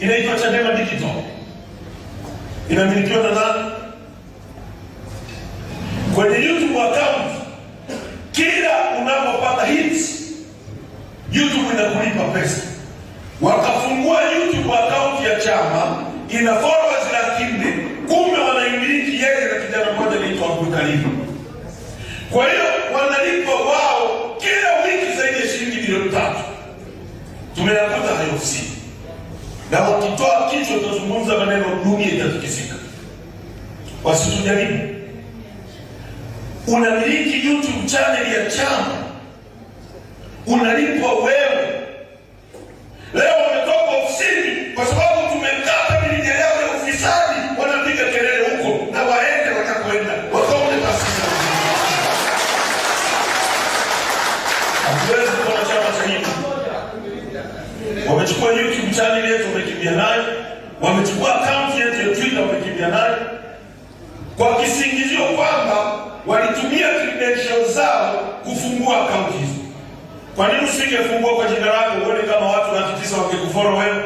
inaitwa Chadema Digital, inamilikiwa na nani? Kwenye YouTube account, kila unapopata hits YouTube inakulipa pesa. Wakafungua YouTube account ya chama ina followers laki nne, kumbe wanaimiliki yeye na kijana mmoja anaitwa Abdul Kwa hiyo wanalipa wao kila wiki zaidi ya shilingi milioni tatu. Tumeyakuta hayo ofisini na ukitoa kichwa utazungumza maneno dunia itatikisika. Wasitujaribu. Unamiliki YouTube channel ya chama, unalipwa wewe leo channel yetu wamekimbia nayo, wamechukua account yetu ya Twitter wamekimbia nayo, kwa kisingizio kwamba walitumia credentials zao kufungua account hizo. Kwa nini usingefungua kwa jina lako uone kama watu laki tisa wangekufollow wewe?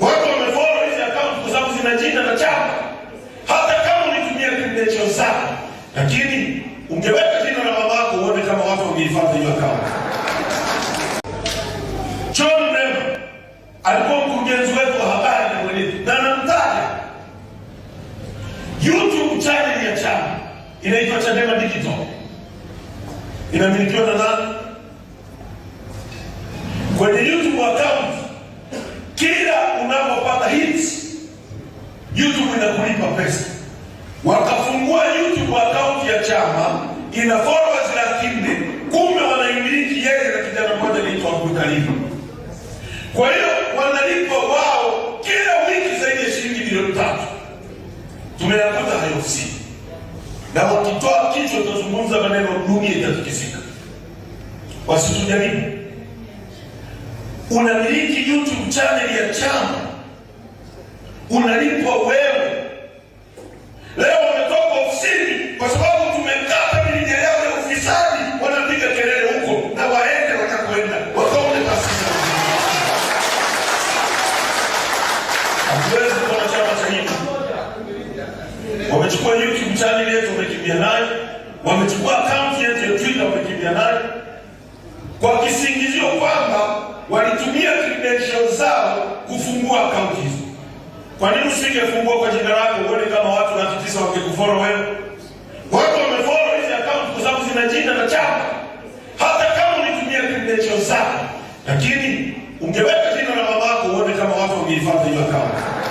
Watu wamefollow hizi account kwa sababu zina jina na chama, hata kama ulitumia credentials zako, lakini ungeweka jina la mamako uone kama watu wangeifadhi hiyo account. inaitwa Chadema Digital, inamilikiwa na nani? Kwenye YouTube account, kila unapopata hits YouTube inakulipa pesa. Wakafungua YouTube account ya chama ina followers laki nne, kumbe wanaimiliki yeye na kijana mmoja anaitwa Abdulkarim. Kwa hiyo wanalipa wao kila wiki zaidi ya shilingi milioni tatu. Tumeyakuta hayo si na ukitoa kichwa utazungumza maneno, dunia itatikisika. Wasitujaribu. Unamiliki YouTube channel ya chama, unalipwa wewe. Leo umetoka ofisini kwa sababu tumekata milijeleo ya ufisadi, wanapiga kelele huko na waende watakwenda wakaone pasina. Hatuwezi kuona chama cha hivi wamechukua channel yetu wamekimbia naye, wamechukua akaunti yetu ya Twitter wamekimbia naye kwa kisingizio kwamba walitumia credentials zao kufungua akaunti hizo. Kwa nini usingefungua kwa jina lako uone kama watu laki tisa wakikufollow wewe? Watu wamefollow hizi akaunti kwa sababu zina jina na chapa, hata kama ulitumia credentials zako, lakini ungeweka jina la mamako uone kama watu wangeifuata hiyo akaunti.